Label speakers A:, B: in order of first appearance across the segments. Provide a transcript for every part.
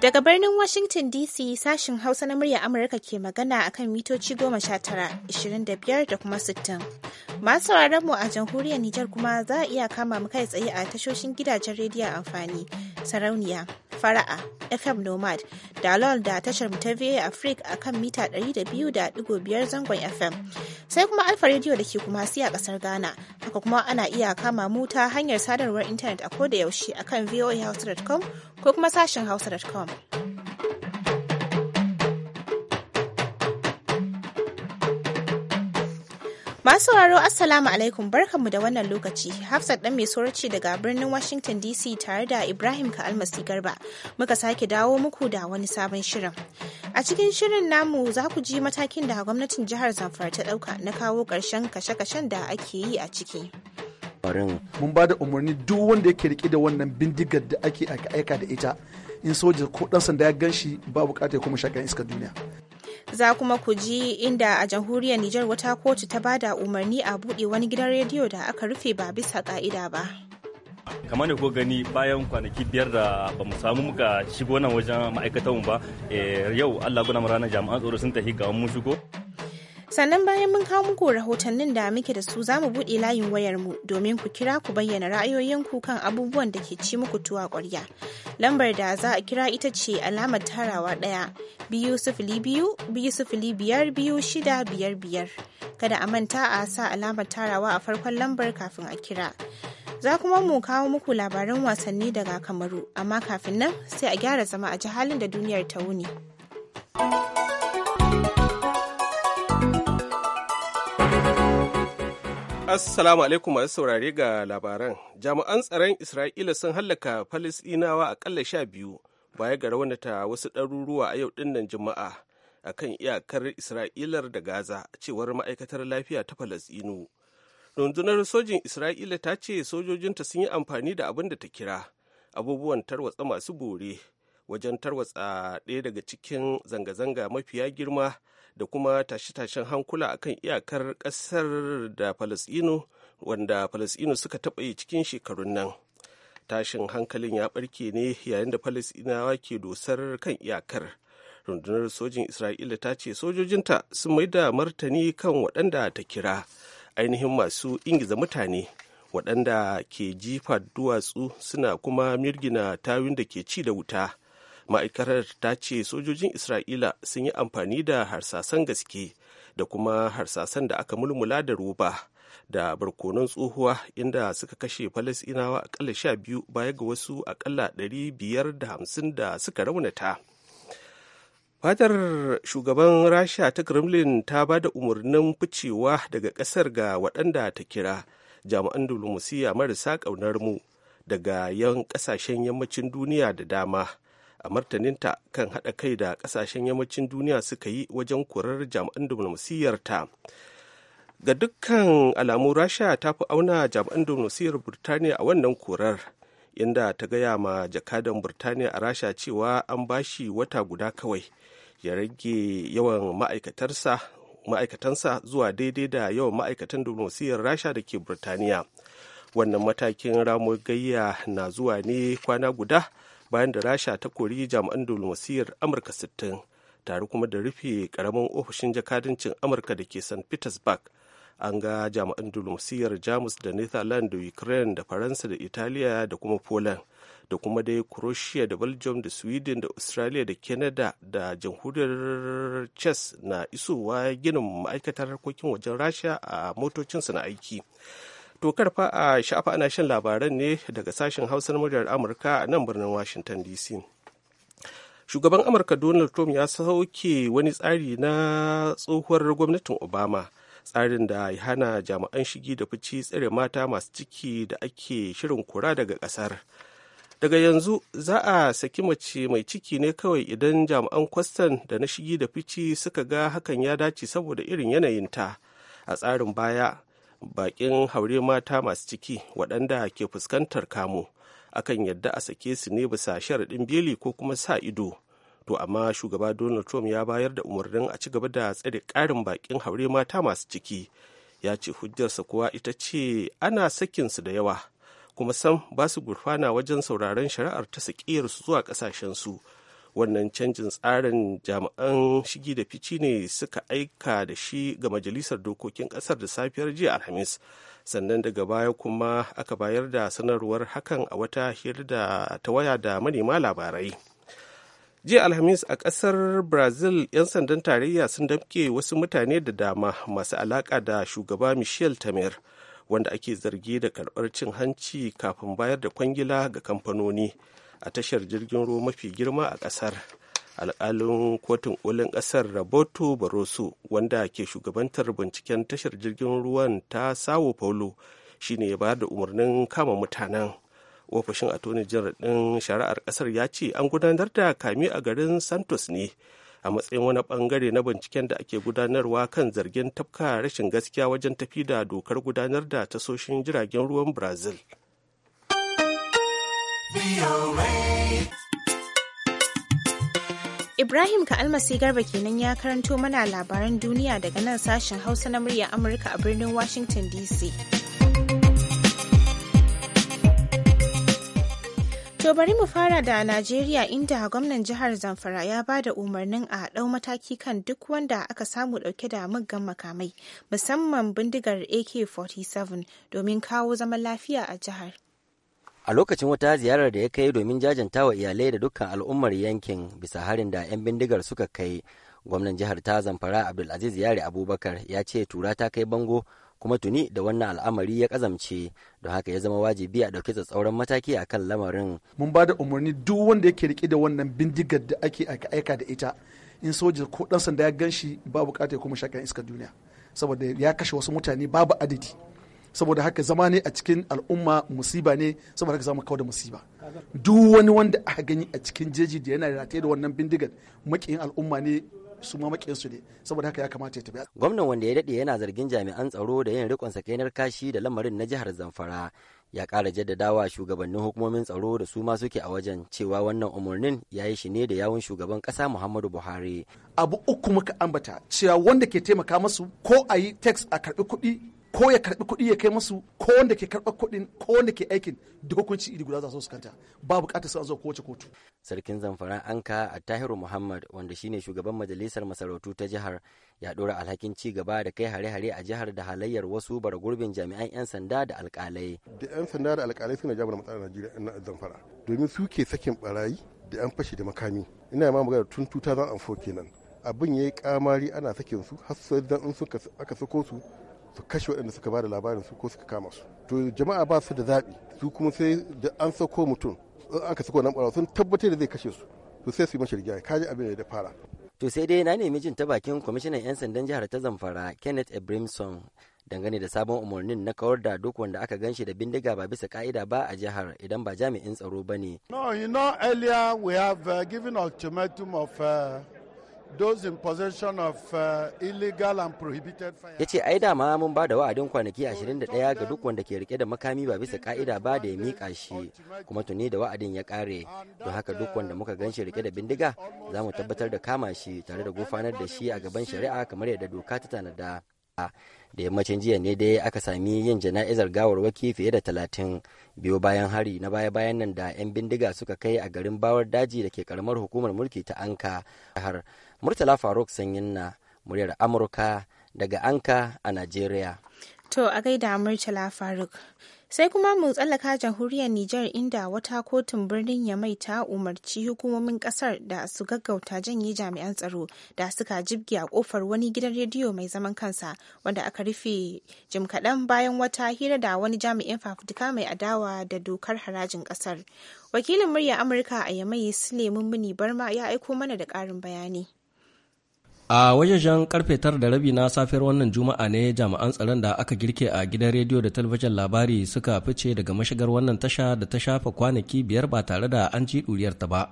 A: Daga birnin Washington DC sashin Hausa na murya Amurka ke magana akan mitoci goma sha tara, ishirin da da kuma sittin. Masu sauraron mu a jamhuriyar Nijar kuma za a iya kama mu kai tsaye a tashoshin gidajen rediyo amfani sarauniya fara'a FM Nomad da LOL da tashar ta VA Africa a kan mita 200.5 zangon FM. Sai kuma Alfa rediyo da ke kuma siya kasar Ghana. Haka kuma ana iya kama mu ta hanyar sadarwar intanet a koda yaushe a kan voahausa.com ko kuma sashen hausa.com. Masu sauraro Assalamu alaikum barkanmu da wannan lokaci. Hafsat dan mai ce daga birnin Washington DC tare da Ibrahim Ka'almasi Garba. Muka sake dawo muku da wani sabon shirin. A cikin shirin namu za ku ji matakin da gwamnatin jihar Zamfara ta ɗauka na kawo karshen kashe-kashen da ake yi a ciki.
B: Mun ba da umarni duk wanda yake rike da wannan bindigar da ake aika da ita in soja ko ɗan sanda ya gan shi ba buƙatar kuma shakan iskar duniya.
A: za kuma ku ji inda a jamhuriyar Nijar wata kotu ta bada umarni a buɗe wani gidan rediyo da aka rufe ba bisa ka'ida ba.
C: kamar da ko gani bayan kwanaki biyar da ba mu samu muka shigo nan wajen ma'aikatanmu ba eh, yau allah guna rana jami'an tsoro sun tafi ga mun shigo
A: sannan bayan mun kawo muku rahotannin da muke da su zamu bude buɗe layin wayarmu domin ku kira ku bayyana ra'ayoyinku kan abubuwan da ke ci muku tuwa ƙwarya lambar da za a kira ita ce alamar tarawa ɗaya biyu sifili biyu biyu sifili biyar biyu shida biyar biyar kada a manta a sa alamar tarawa a farkon lambar kafin a kira za kuma mu kawo muku labaran wasanni daga kamaru amma kafin nan sai a gyara zama a ji halin da duniyar ta wuni.
D: Assalamu alaikum masu saurare ga labaran. Jami'an tsaron Isra'ila sun hallaka Falisɗinawa kalla sha biyu baya ga raunata wasu ɗaruruwa a yau ɗinnan Juma'a a kan iyakar Isra'ilar da Gaza cewar ma'aikatar lafiya ta Falasɗinu. Rundunar sojin Isra'ila ta ce sojojinta sun yi amfani da abin da ta kira abubuwan tarwatsa masu bore wajen tarwatsa ɗaya daga cikin zanga-zanga mafiya girma da kuma tashe-tashen hankula a kan iyakar ƙasar da falasɗinu wanda falasɗinu suka taɓa yi cikin shekarun nan tashin hankalin ya ɓarke ne yayin da falasɗinawa ke dosar kan iyakar rundunar sojin isra'ila ta ce sojojinta sun mai da martani kan waɗanda ta kira ainihin masu ingiza mutane waɗanda ke jifa duwatsu suna kuma mirgina tawin da ke ci da wuta ma'aikatar ta ce sojojin isra'ila sun yi amfani da harsasan gaske da kuma harsasan da aka mulmula da roba da barkonon tsohuwa inda suka kashe falasinawa akalla sha biyu baya ga wasu akalla ɗari biyar da hamsin da suka raunata fatar shugaban rasha ta kremlin ta ba da umarnin ficewa daga ƙasar ga waɗanda ta kira jami'an dulmusiya marasa ƙaunar mu daga yan ƙasashen yammacin duniya da dama a martaninta kan haɗa kai da ƙasashen yammacin duniya suka yi wajen korar jami'an diflomasiyyarta ga dukkan alamu rasha ta fi auna jami'an diflomasiyyar burtaniya a wannan korar inda ta gaya ma jakadan burtaniya a rasha cewa an bashi wata guda kawai ya rage yawan ma'aikatarsa ma'aikatansa zuwa daidai da yawan ma'aikatan diflomasiyyar rasha da ke burtaniya wannan matakin ramo gayya na zuwa ne kwana guda bayan da rasha ta kori jami'an dulmasiyar amurka 60 tare kuma da rufe karamin ofishin jakadancin amurka da ke st petersburg an ga jami'an dulmasiyar jamus da netherlands da ukraine da faransa da italiya da kuma poland da kuma dai croatia da belgium da sweden da australia da canada da jamhuriyar chess na isowa ginin ma'aikatar harkokin wajen rasha a motocinsu na aiki To karfa a sha'afa ana shan labaran ne daga sashen hausar muryar Amurka a nan birnin Washington DC. Shugaban Amurka Donald Trump ya sauke wani tsari na tsohuwar gwamnatin Obama. tsarin da ya hana jami'an shigi da fici tsare mata masu ciki da ake shirin kura daga ƙasar. Daga yanzu za a saki mace mai ciki ne kawai idan jami'an kwastan da na shigi da fici suka ga hakan ya dace saboda irin yanayinta. A tsarin baya bakin haure mata masu ciki waɗanda ke fuskantar kamo akan yadda a sake su ne bisa sharaɗin beli ko kuma sa ido to amma shugaba donald trump ya bayar da umarnin a ci gaba da tsare ƙarin bakin haure mata masu ciki ya ce hujjarsa kuwa ita ce ana sakinsu da yawa kuma sam ba su gurfana wajen sauraron shari'ar ta su zuwa ƙasashensu wannan canjin tsarin jami'an shigi da fici ne suka aika da shi ga majalisar dokokin kasar da safiyar jiya alhamis sannan daga baya kuma aka bayar da sanarwar hakan a wata hira da ta waya da manema labarai jiya alhamis a kasar brazil 'yan sandan tarayya sun damke wasu mutane da dama masu alaka da shugaba michel tamir wanda ake zargi da karbar cin hanci kafin bayar da kwangila ga kamfanoni a tashar jirgin ruwa mafi girma a ƙasar alkalin kotun olin ƙasar roberto barroso wanda ke shugabantar binciken tashar jirgin ruwan ta sao paulo shine ya ba da umarnin kama mutanen ofishin attorney general shari'ar ƙasar ya ce an gudanar da kami a garin santos ne a matsayin wani bangare na binciken da ake gudanarwa kan zargin tafka rashin gaskiya wajen tafi da dokar gudanar da tasoshin jiragen ruwan brazil
A: Ibrahim almasi Garba kenan ya karanto mana labaran duniya daga nan sashen Hausa na murya Amurka a birnin Washington DC. To bari mu fara da Najeriya inda gwamnan jihar Zamfara ya ba da umarnin a ɗau mataki kan duk wanda aka samu ɗauke da muggan makamai, musamman bindigar AK-47 domin kawo zaman lafiya a jihar.
E: a lokacin wata ziyarar da ya kai domin jajanta wa iyalai da dukkan al'ummar yankin bisa harin da 'yan bindigar suka kai gwamnan jihar ta zamfara abdulaziz yare abubakar ya ce tura ta kai bango kuma tuni da wannan al'amari ya kazamce don haka ya zama wajibi a ɗauki tsatsauran mataki a kan lamarin
B: mun ba da umarni duk wanda yake rike da wannan bindigar da ake aika da ita in soja ko ɗan sanda ya gan shi babu kuma shakan iskar duniya saboda ya kashe wasu mutane babu adadi saboda haka zama ne a cikin al'umma musiba ne saboda haka zama kawo da musiba duk wani wanda aka gani a cikin jeji da yana rataye da wannan bindigar makiyin al'umma ne su ma su ne saboda haka ya kamata ya tafi.
E: gwamnan wanda ya dade yana zargin jami'an tsaro da yin rikon sakainar kashi da lamarin na jihar zamfara ya kara jaddadawa shugabannin hukumomin tsaro da su ma suke a wajen cewa wannan umarnin ya yi shi ne da yawun shugaban kasa muhammadu buhari abu uku
B: muka ambata cewa wanda ke taimaka masu ko a yi tax a karɓi kuɗi ko ya karbi kuɗi ya kai masu ko wanda ke karɓar kuɗin ko wanda ke aikin duk hukunci iri guda za su kanta ba buƙatar su a zuwa kowace kotu.
E: Sarkin zamfara Anka tahiru Muhammad wanda shine shugaban majalisar masarautu ta jihar ya ɗora alhakin ci gaba da kai hare-hare a jihar da halayyar wasu bara gurbin jami'an 'yan sanda da alƙalai. Da 'yan sanda da alƙalai suna jabar matsalar Najeriya na zamfara
B: domin su ke sakin barayi da 'yan fashi da makami. Ina ma magana tun 2004 kenan. Abin ya yi kamari ana sakin su har sai dan in aka sako su su kashe waɗanda suka ba da labarin
E: su ko suka kama su to jama'a ba su da zaɓi su kuma sai da an sauko mutum in aka sako nan ɓarawa sun tabbatar da zai kashe su to sai su yi mashi rigya kaji abin da fara to sai dai na nemi jin ta bakin kwamishinan 'yan sandan jihar ta zamfara kenneth abrimson dangane da sabon umarnin na kawar da duk wanda aka ganshi da bindiga ba bisa ka'ida ba a jihar idan ba jami'in tsaro ba ne.
B: No, you know earlier we have uh, given ultimatum of uh, Uh,
E: ya ce ai dama mun ba da wa'adin kwanaki 21 ga duk wanda ke rike da makami ba bisa ka'ida ba da ya miƙa shi kuma tuni da wa'adin ya kare don haka duk wanda muka gan shi rike da bindiga za mu tabbatar da kama shi tare da gufanar da shi a gaban shari'a kamar yadda doka ta tanada da yammacin jiya ne dai aka sami yin jana'izar gawarwaki fiye da talatin biyu bayan hari na baya bayan nan da 'yan bindiga suka kai a garin bawar daji da ke karamar hukumar mulki ta anka har Murtala Faruk Sanyin na muryar Amurka daga Anka a Najeriya.
A: To a gaida Murtala Faruk. Sai kuma mu tsallaka jamhuriyar Nijar inda wata kotun birnin Yamai ta umarci hukumomin kasar da su gaggauta janye jami'an tsaro da suka jibge a kofar wani gidan rediyo mai zaman kansa wanda aka rufe jim kaɗan bayan wata hira da wani jami'in fafutuka mai adawa da dokar harajin kasar. Wakilin murya Amurka a Yamai Sule Mummuni Barma ya aiko mana da ƙarin bayani.
F: a wajajen karfe tara da rabi na safiyar wannan juma'a ne jami'an tsaron da aka girke a gidan rediyo da talabijin labari suka fice daga mashigar wannan tasha da ta shafa kwanaki biyar ba tare da an ji ta ba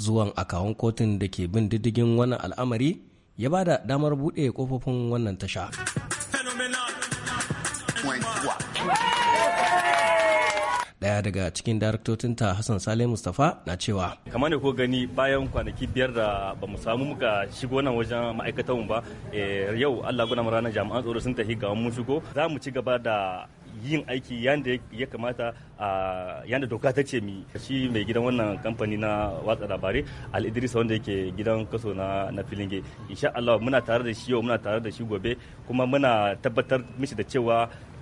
F: zuwan akawun kotun da ke bin diddigin wannan al'amari ya ba da damar buɗe kofofin wannan tasha. Daya daga cikin ta Hassan Sale Mustafa na cewa.
C: Kamar ne ko gani bayan kwanaki biyar da ba mu samu muka shigo nan wajen ma'aikatanmu ba eh, yau Allah guna ranar jami'an tsaro sun tafi ga mun shigo za mu ci gaba da yin aiki yanda ya kamata a yanda doka ta ce mi shi mai gidan wannan kamfani na watsa labarai al wanda yake gidan kaso na na filinge insha Allah muna tare da shi yau muna tare da shi gobe kuma muna tabbatar mishi da cewa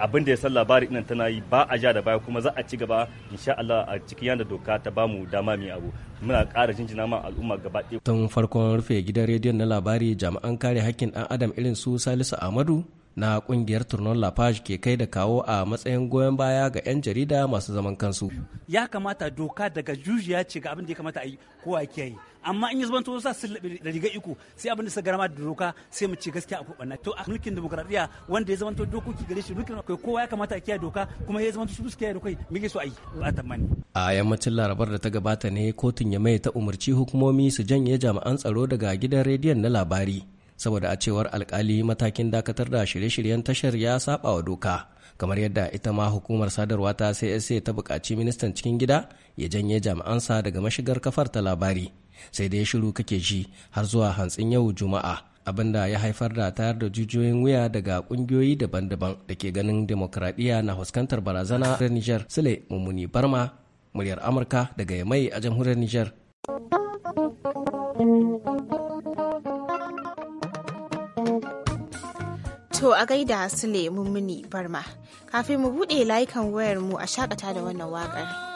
C: abin da ya san labari nan tana yi ba a ja da baya kuma za a ci gaba insha Allah a cikin yanda doka ta bamu dama mai abu muna ƙara jinjina ma al'umma gaba ɗaya
F: tun farkon rufe gidan rediyon na labari jami'an kare hakkin ɗan adam irin su Salisu Ahmadu na kungiyar turnon page ke kai da kawo a matsayin goyon baya ga 'yan jarida masu zaman kansu
C: ya kamata doka daga jujiya ce ga abin da ya kamata a yi ko a kiyaye amma in ya zama sa sun da riga iko sai abin da suka garama da doka sai mu ce gaskiya akwai banna to a mulkin demokradiya wanda ya zama dokoki gare shi mulkin kai kowa ya kamata a kiyaye doka kuma ya zama su su kiyaye dokai me ke so a yi ba ta mani
F: a yammacin larabar da ta gabata ne kotun ya mai ta umarci hukumomi su janye jami'an tsaro daga gidan rediyon na labari saboda a cewar alkali matakin dakatar da shirye-shiryen tashar ya saba wa doka kamar yadda ita ma hukumar sadarwa ta CSA ta buƙaci ministan cikin gida ya janye jami'ansa daga mashigar kafar ta labari sai dai shiru kake ji har zuwa hantsin yau juma'a abin da ya haifar da tayar da jujiyoyin wuya daga kungiyoyi daban-daban da ke ganin demokradiyya na fuskantar barazana a Nijar Sule Mummuni Barma muryar Amurka daga Yamai a jamhuriyar Nijar.
A: To a gaida su Sule Mummuni Barma, kafin mu buɗe layukan wayar mu a shakata da wannan waƙar.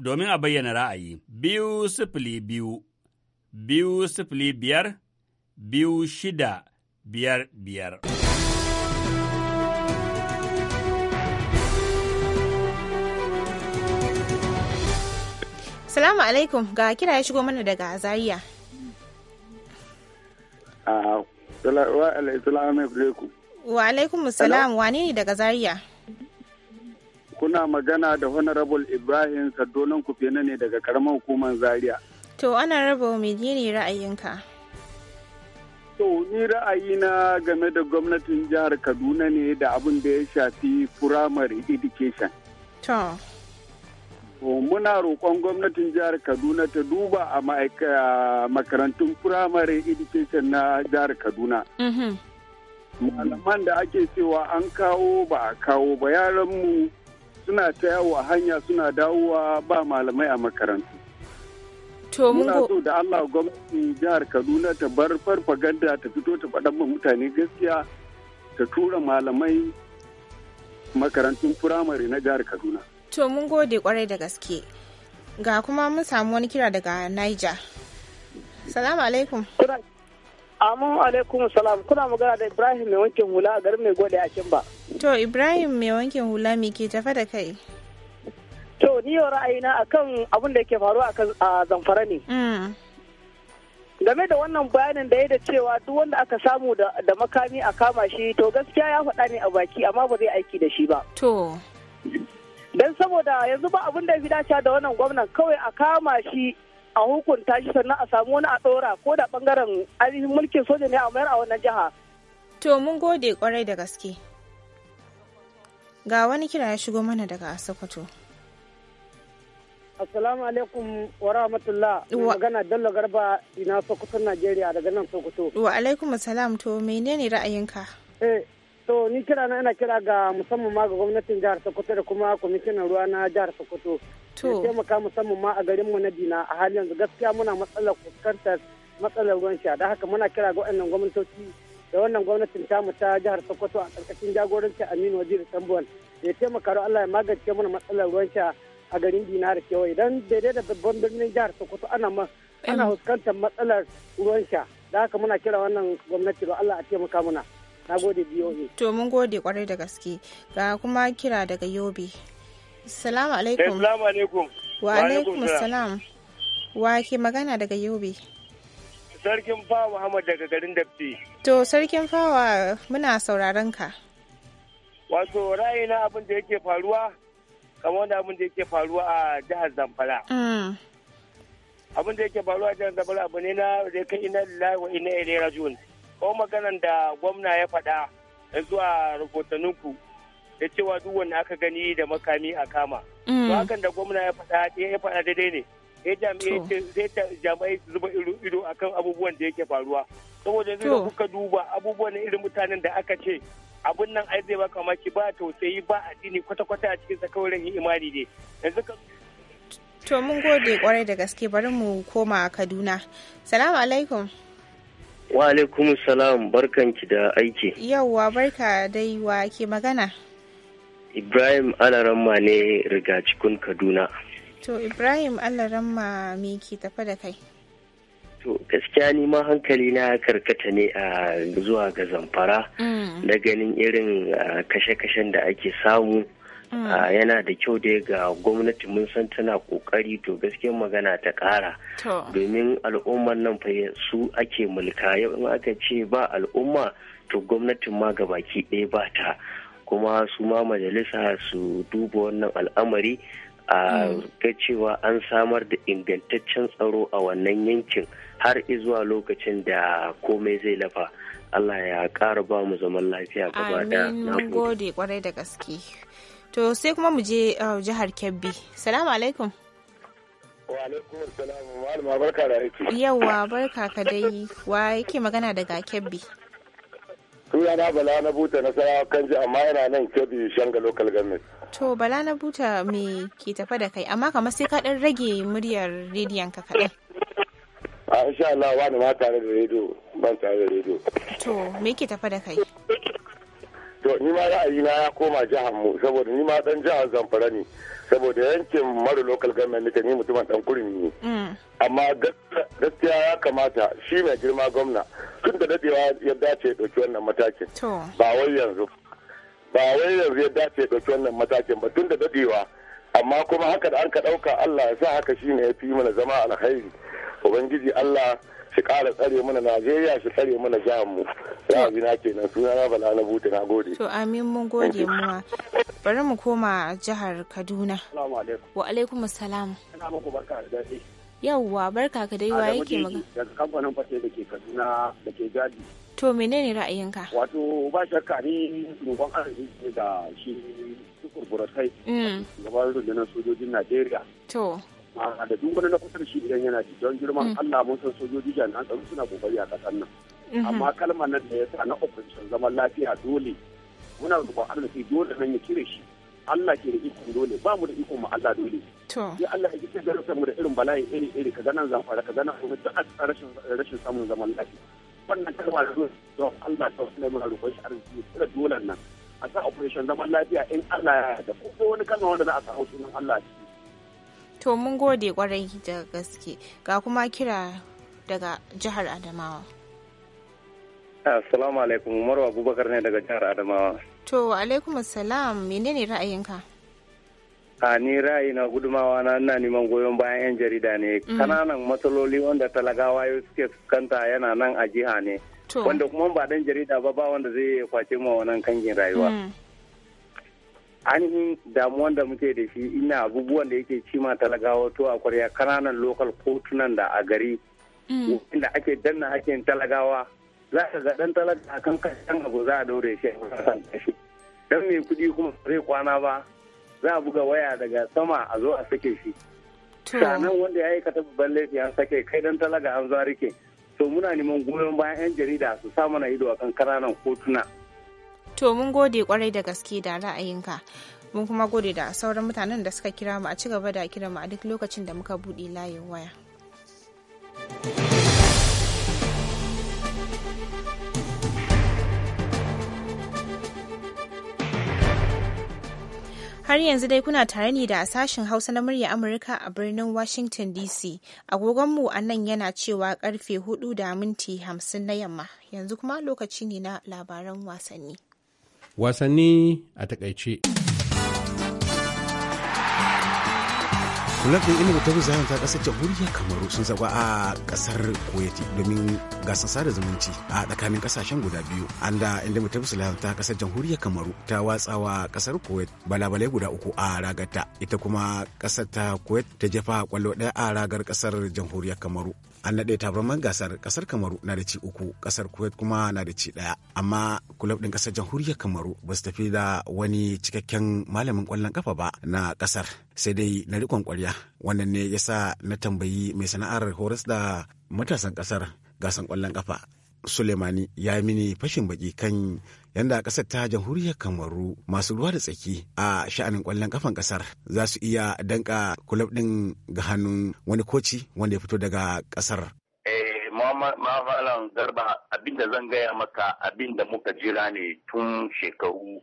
C: domin a bayyana ra'ayi. Biyu sifili biyu, biyu sifili biyar, biyu shida biyar biyar.
A: Salamu alaikum ga kira ya shigo mana daga Zaria.
G: Ah, wa
A: alaikum salam wa ne daga Zaria?
G: kuna magana da honorable ibrahim sardonan kufena ne daga karamar hukumar zaria
A: to ana honorable menene ra'ayinka to ni
G: ra'ayina game da gwamnatin jihar kaduna ne da abin da ya shafi primary education to muna roƙon gwamnatin jihar kaduna ta duba a makarantun primary education na jihar kaduna mm-hmm. malaman da ake cewa an kawo ba a kawo ba yaranmu suna ta yawo a hanya suna dawowa ba malamai a makarantu
A: to so
G: da Allah gwamnati jihar Kaduna ta bar farfaganda ta fito ta faɗan mutane gaskiya ta tura malamai makarantun firamare na jihar Kaduna
A: to mun gode kwarai da gaske ga kuma mun samu wani kira daga Niger salamu alaikum amin
G: alaikum salam kuna magana da Ibrahim mai wankin hula a garin mai gode a Kimba
A: To Ibrahim mai wankin hula me ke tafa da kai?
G: To ni yau ra'ayi na akan abin da yake faru a zamfara ne. Mm. Game da wannan bayanin da ya da cewa duk wanda aka samu da makami a kama shi to gaskiya ya faɗa ne a baki amma ba zai aiki da shi ba. To. Don saboda yanzu ba abin da ya fi dace da wannan gwamnan kawai a kama shi a hukunta shi sannan a samu wani a ɗora ko da ɓangaren ainihin mulkin soja ne a mayar a wannan jiha.
A: To mun gode kwarai da gaske. ga wani kira ya shigo mana daga Sokoto.
G: Assalamu alaikum wa rahmatullah. Magana Bello Garba ina Sokoto Najeriya daga nan Sokoto.
A: Wa alaikum salam to menene ra'ayinka?
G: Eh to ni kira na ina kira ga musamman ma ga gwamnatin jihar Sokoto da kuma kwamishinan ruwa na jihar Sokoto. To taimaka musamman ma a garin mu na Dina a halin yanzu gaskiya muna matsalar fuskantar matsalar ruwan sha da haka muna kira ga waɗannan gwamnatoci da wannan gwamnatin tamu ta jihar Sokoto a ƙarƙashin jagoranci Aminu Waziri Tambuwal ya taimaka da Allah ya magance mana matsalar ruwan sha a garin Dina da kewaye dan daidai da babban birnin jihar Sokoto ana ma ana fuskantar matsalar ruwan sha da haka muna kira wannan gwamnati da Allah a taimaka
A: mana na gode BOA to mun gode kwarai da gaske ga kuma kira daga Yobe Assalamu alaikum Assalamu
G: eh, alaikum Wa alaikum assalam
A: Wa ke magana daga Yobe
G: Sarkin fa Muhammad daga garin Dabti
A: To sarkin fawa muna sauraron ka.
G: Wato na abin da yake faruwa kamar wanda abin da yake faruwa a jihar Zamfara. Mm. Abin da yake faruwa a jihar Zamfara abu ne na da kai ina lillahi wa ina ilai rajiun. Ko maganan da gwamna ya faɗa zuwa rubutanninku da cewa duk wanda aka gani da makami a kama. Mm. To hakan da gwamna ya faɗa ya faɗa daidai ne. Ya jami'ai zuba ido akan abubuwan da yake faruwa. saboda yanzu kuka duba abubuwan irin mutanen da aka ce abun nan ai zai baka maki ba tausayi ba addini kwata-kwata a cikin sakawar yin imani ne yanzu ka
A: to mun gode kwarai da gaske bari mu koma kaduna salamu alaikum
F: wa alaikum salam barkanki da aiki
A: yauwa barka dai wa ke magana
F: ibrahim alaramma ne rigacikun kaduna
A: to ibrahim alaramma me ke tafa da kai
F: To gaskiya ni ma hankali na karkata ne a zuwa ga zamfara mm. na ganin irin kashe-kashen da ake samu mm. yana da kyau dai ga gwamnati mun san tana kokari to gaskiyar magana ta kara domin al'ummar nan fa su ake mulka yau in aka ce ba al'umma to gwamnatin ma ga baki ɗaya ba ta kuma su ma majalisa su duba wannan al'amari a hmm. ga cewa an samar da ingantaccen tsaro a wannan yankin har izuwa lokacin da komai zai lafa Allah ya ƙara ba mu zaman lafiya gaba da
A: gode kwarai da gaske to sai kuma mu je uh, jihar Kebbi salamu alaikum wa
G: alaikum malama barka da aiki
A: yawa barka ka dai wa yake magana daga Kebbi
G: suna na bala na buta nasara kan ji amma yana nan Kebbi shanga local government
A: To bala na buta me ke tafa da kai amma kamar sai ka dan rage muryar rediyon ka kaɗan.
G: A insha Allah wani ma tare da rediyo ban tare da rediyo.
A: To me ke tafa da kai?
G: To ni ma ra'ayi na ya koma jihar mu saboda ni ma dan jihar Zamfara ne saboda yankin mara local government ne ni mutumin dan kurin ne. Mm. Amma gaskiya ya kamata shi mai girma gwamna tun da dadewa ya dace ya dauki wannan matakin. Ba wai yanzu. ba wai yanzu ya dace ɗauki wannan matakin ba tun da dadewa amma kuma haka da an ka ɗauka Allah ya sa haka shine ya fi mana zama alkhairi ubangiji Allah shi kara tsare mana Najeriya shi tsare mana ya bi na
H: kenan suna na bala na bute na gode
A: to amin mun gode mu bari mu koma jihar Kaduna wa alaikum assalam ina muku barka da dadi yauwa barka ka dai wa yake magana
G: daga kamfanin fate da ke Kaduna da ke Jadi
A: To menene ra'ayinka?
G: Wato ba shakka ne roƙon arziki da shi tukur buratai. Mm. Gaban rundunar sojojin Najeriya. To. da duk wani na kusa shi idan yana ci don girman mm. Allah mun san sojoji jami'an tsaro suna kokari a ƙasar nan. Mm-hmm. Amma kalmar nan da ya sa na operation zaman lafiya dole muna roƙon sai dole nan ya cire shi. Allah ke da ikon dole ba mu da ikon mu Allah dole. To. Ya Allah ya ce garin mu da irin bala'i iri iri ka ga nan zamfara ga nan kuma duk rashin samun zaman lafiya. wannan kalma da zuwa Allah ta wasu lemuna rufin shi arziki da dolan nan a sa operation zaman lafiya in Allah ya yarda ko wani kalma wanda za a sa sunan Allah a ciki.
A: To mun gode kwarai da gaske ga kuma kira daga jihar Adamawa.
G: Assalamu alaikum Umaru Abubakar ne daga jihar Adamawa.
A: To alaikum assalam menene ra'ayinka?
G: a ni ra'ayi na gudumawa na ina neman goyon bayan yan jarida ne mm. kananan matsaloli wanda talagawa suke fuskanta yana nan a jiha ne wanda kuma ba dan jarida ba ba wanda zai iya kwace ma wannan kangin rayuwa mm. ainihin damuwan da muke da shi ina abubuwan da yake cima talagawa to a kwarya kananan lokal kotunan da a gari mm. inda ake danna ake talagawa za ka ga dan talaga a kan abu za a daure shi a kan kashi dan mai kuɗi kuma zai kwana ba za a buga waya daga sama a zo a sake shi sannan wanda ya aikata babban laifi an sake kai dan talaga an zuwa rike to muna neman goyon bayan yan jarida su sa mana ido akan kananan kotuna
A: to mun gode kwarai da gaske da ra'ayinka mun kuma gode da sauran mutanen da suka kira mu a ci gaba da kira mu a duk lokacin da muka buɗe layin waya. thank you Har yanzu dai kuna tare ne da sashen Hausa na murya Amurka a birnin Washington DC. Agogonmu a nan yana cewa karfe 4 da minti 50 na yamma. Yanzu kuma lokaci ne na labaran wasanni.
B: Wasanni a takaice. kulan ɗin inuwa ta zayon ta ƙasar jamhuriyar kamaru sun zaba a ƙasar kuwait domin gasar sada zumunci a tsakanin ƙasashen guda biyu an da inda mutum zayon ta ƙasar jamhuriyar kamaru ta watsa wa ƙasar kuwait balabalai guda uku a ragarta ita kuma ƙasar ta kuwait ta jefa kwallo ɗaya a ragar ƙasar jamhuriyar kamaru an naɗe tabarman gasar ƙasar kamaru na da ci uku ƙasar kuwait kuma na da ci ɗaya amma kulab ɗin ƙasar jamhuriyar kamaru ba su tafi da wani cikakken malamin ƙwallon ƙafa ba na ƙasar sai dai na riƙon ƙwarya wannan ne yasa na tambayi mai sana'ar horas da matasan ƙasar gasan ƙwallon ƙafa Suleimani ya mini fashin baki kan yanda ƙasar ta jamhuriyar kamaru masu ruwa da tsaki a sha'anin kwallon ƙafan ƙasar za su iya danka kulab din ga hannun wani koci wanda ya fito daga kasar
H: eh, mafalan garba abinda zan gaya maka abinda muka jira ne tun shekaru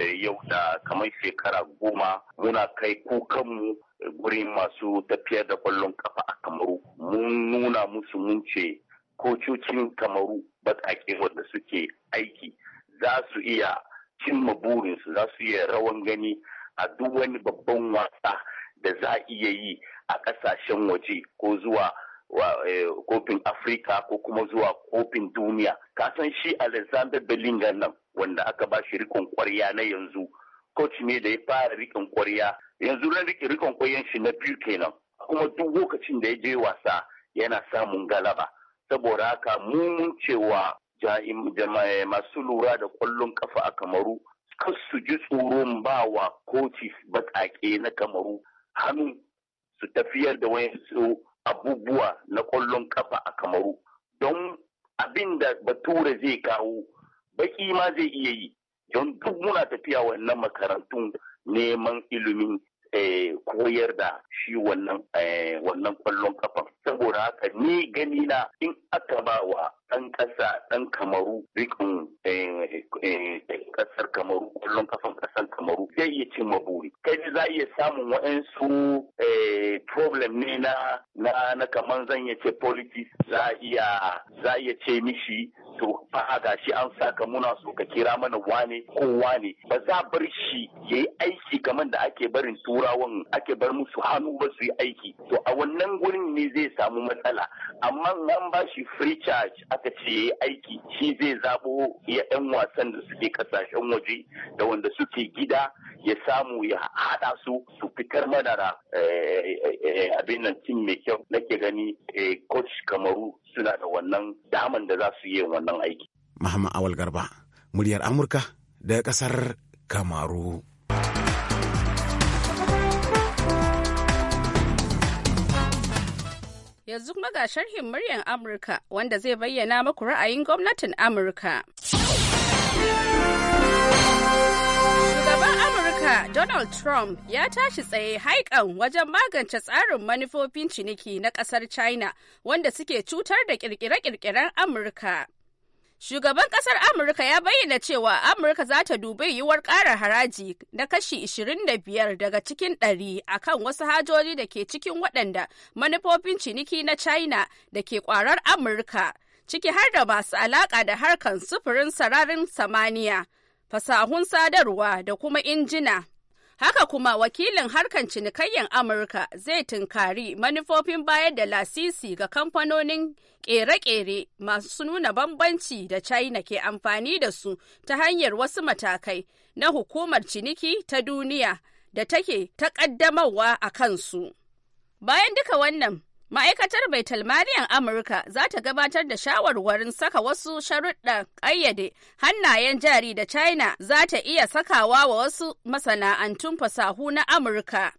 H: eh, yau da kamar shekara goma muna kai kukanmu gurin masu tafiyar da kwallon kafa a kamaru mun nuna musu mun ce kococin kamaru baƙaƙe wanda suke aiki za su iya cin burinsu za su iya rawan gani a duk wani babban wasa da za a iya yi a ƙasashen waje ko zuwa eh, kofin afirka ko kuma zuwa kofin duniya kasan shi alexander bellingham nan wanda aka ba shi rikon kwarya na yanzu coach ne da ya fara rikon kwarya yanzu ran rikon kwaryan shi na biyu kenan kuma duk lokacin da ya je wasa yana samun galaba saboda haka mun cewa masu lura da kwallon kafa a kamaru kan su ji tsoron ba wa koci baƙaƙe na kamaru hannu su tafiyar da wayansu abubuwa na kwallon kafa a kamaru don abin da bature zai kawo baki ma zai iya yi don duk muna tafiya wannan makarantun neman ilimin Eh, koyar da shi wannan eh, kwallon kafan saboda haka ni gani na in aka ba wa ɗan ƙasa ɗan kamaru rikin eh, ƙasar kamaru kwallon kafan ƙasar kamaru zai iya cin maburi kai za iya samun waɗansu problem ne na na kaman zan iya ce politics za iya za iya ce mishi to fa ga shi an saka muna so ka kira mana wane ko wane ba za bar shi ya yi aiki kamar da ake barin turawan ake bar musu hannu ba su yi aiki to a wannan gurin ne zai samu matsala amma an ba shi free charge aka ce ya yi aiki shi zai zabo ya yan wasan da suke kasashen waje da wanda suke gida ya samu ya haɗa su su fitar mana eh, eh, eh, abin nan cin mai kyau nake gani coach kamaru suna da wannan daman da za su yi wannan aiki.
B: Muhammad Awal Garba, muryar Amurka da ƙasar Kamaru.
I: Yanzu kuma ga sharhin muryar Amurka wanda zai bayyana muku ra'ayin gwamnatin Amurka. Amurka Donald Trump ya tashi tsaye haikan wajen magance tsarin manufofin ciniki na ƙasar China wanda suke cutar da ƙirƙire-ƙirƙiren Amurka. Shugaban ƙasar Amurka ya bayyana cewa Amurka za ta dubi yiwuwar ƙara haraji na kashi 25 daga cikin 100 akan wasu hajoji da ke cikin waɗanda manufofin ciniki na China da ke ƙwarar Amurka, ciki har da masu alaƙa da harkan sufurin sararin samaniya. fasahun sadarwa da kuma injina. Haka kuma wakilin harkar cinikayyar Amurka zai tunkari manufofin bayar da lasisi ga kamfanonin ƙere-ƙere masu nuna bambanci da China ke amfani da su ta hanyar wasu matakai na hukumar ciniki ta duniya da take ta ƙaddamarwa a kansu. Bayan duka wannan, Ma'aikatar Baitul Mariyan Amurka za ta gabatar da shawarwarin saka wasu sharuɗa ƙayyade hannayen jari da China za ta iya sakawa wa wasu masana'antun fasahu na Amurka.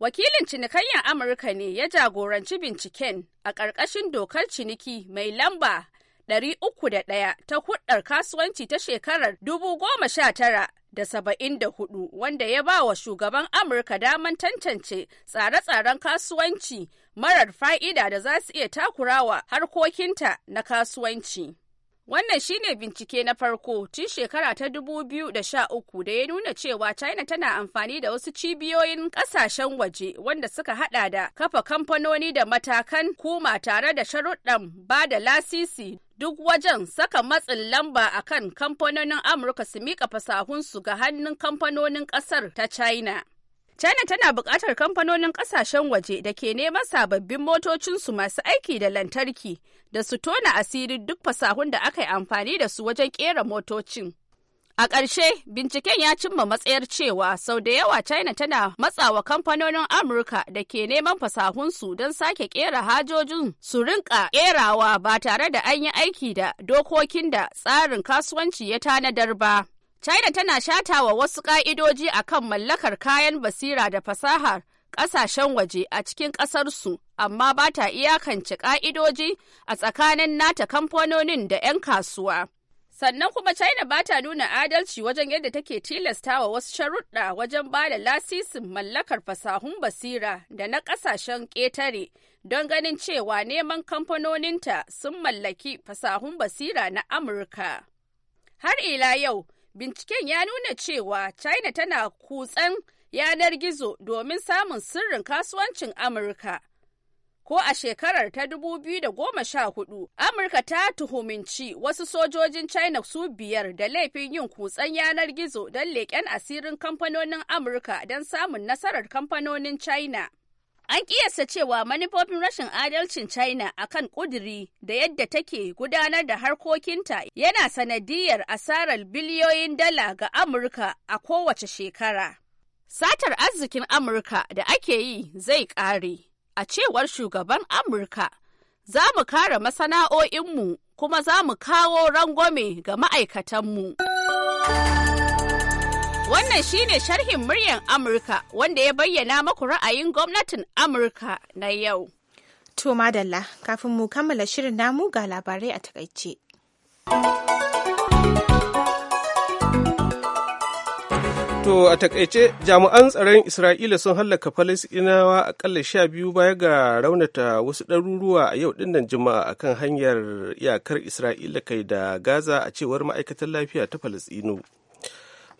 I: Wakilin cinikayyar Amurka ne ya jagoranci binciken a ƙarƙashin dokar ciniki mai lamba 301 ta hudar kasuwanci ta shekarar 1974 wanda ya ba wa shugaban Amurka daman tantance tsare-tsaren kasuwanci marar fa'ida da za su iya takurawa harkokinta na kasuwanci. Wannan shine bincike na farko tun shekara ta 2013 da ya nuna cewa China tana amfani da wasu cibiyoyin kasashen waje wanda suka hada da kafa kamfanoni da matakan kuma tare da sharuɗan ba da lasisi duk wajen saka matsin lamba akan kamfanonin Amurka su miƙa fasahunsu ga hannun kamfanonin ƙasar ta China. China tana buƙatar kamfanonin ƙasashen waje da ke neman sababbin motocinsu masu aiki da lantarki da su tona asiri duk fasahun da aka yi amfani da su wajen ƙera motocin. A ƙarshe, binciken ya cimma matsayar cewa sau da yawa China tana matsawa kamfanonin Amurka da ke neman fasahunsu don sake ƙera hajojin su rinƙa ƙerawa ba tare da an yi aiki da dokokin da tsarin kasuwanci ya tanadar ba. China tana shata wa wasu ƙa'idoji a kan mallakar kayan basira da fasahar ƙasashen waje a cikin ƙasarsu, amma ba ta iyakance ƙa'idoji a tsakanin nata kamfanonin da 'yan kasuwa. Sannan kuma China ba ta nuna adalci wajen yadda take tilasta wa wasu sharuɗa wajen ba da lasisin mallakar fasahun basira da na ƙasashen ƙetare don ganin cewa neman kamfanoninta sun mallaki fasahun basira na Amurka. Har ila yau, Binciken ya nuna cewa China tana kutsen yanar gizo domin samun sirrin kasuwancin Amurka. Ko a shekarar ta 2014, Amurka ta tuhuminci wasu sojojin China su biyar da laifin yin kutsen yanar gizo don leƙen asirin kamfanonin Amurka don samun nasarar kamfanonin China. An kiyasta cewa manufofin rashin adalcin China a kan ƙudiri da yadda take gudanar da harkokinta yana sanadiyar asarar biliyoyin dala ga Amurka a kowace shekara. Satar arzikin Amurka da ake yi zai ƙare, a cewar shugaban Amurka, za mu kare masana'o'inmu kuma za mu kawo rangwame ga ma'aikatanmu. Wannan shi ne sharhin muryan Amurka wanda ya bayyana maku ra'ayin gwamnatin Amurka na yau. To madalla
A: kafin mu kammala shirin namu ga labarai a takaice.
D: To a takaice jami'an tsaron Isra'ila sun hallaka Falasɗinawa akalla sha biyu baya ga raunata wasu ɗaruruwa a yau dinnan Juma'a kan hanyar iyakar Isra'ila kai da Gaza a cewar ma'aikatan lafiya ta Falasɗinu.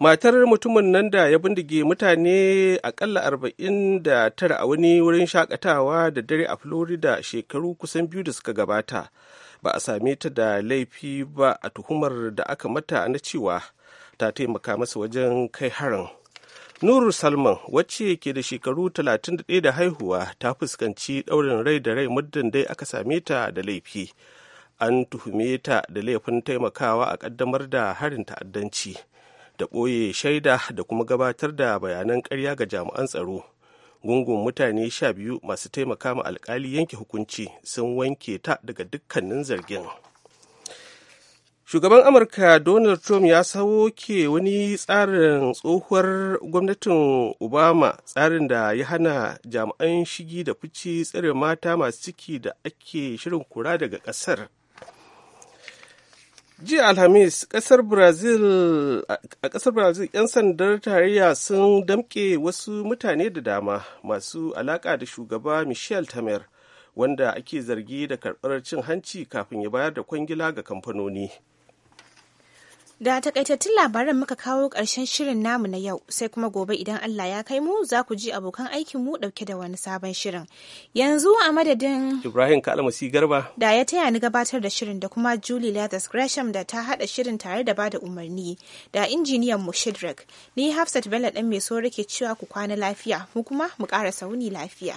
D: matar mutumin nan da ya bindige mutane akalla arba'in da tara a wani wurin shakatawa da dare a florida shekaru kusan biyu da suka gabata ba a same ta da laifi ba a tuhumar da aka mata na cewa ta taimaka masa wajen kai harin nuru salman wacce ke da shekaru 31 da haihuwa ta fuskanci ɗaurin rai da rai muddin dai aka same ta da laifi an tuhume ta da laifin taimakawa a ƙaddamar da harin ta'addanci. da ɓoye shaida da kuma gabatar da bayanan ƙarya ga jami'an tsaro gungun mutane sha biyu masu taimaka ma alkali yanke hukunci sun wanke ta daga dukkanin zargin shugaban amurka donald trump ya sauke wani tsarin tsohuwar gwamnatin obama tsarin da ya hana jami'an shigi da fici tsare mata masu ciki da ake shirin kura daga kasar. jiya alhamis kasar brazil a kasar brazil 'yan sandar tarayya sun damke wasu mutane da dama masu alaka da shugaba michel tamer wanda ake zargi da karbar cin hanci kafin ya bayar da kwangila ga kamfanoni
A: Da takaitattun labaran muka kawo ƙarshen shirin namu na yau sai kuma gobe idan Allah ya kai mu za ku ji abokan aikin mu ɗauke da wani sabon shirin. Yanzu a madadin
D: Ibrahim Kalmasi Garba
A: da ya taya ni gabatar da shirin da kuma Julie Lathers Gresham da ta haɗa shirin tare da bada umarni da injiniyan mu Shidrak. Ni Hafsat Bello ɗan mai so rike cewa ku kwana lafiya mu kuma mu ƙara sauni lafiya.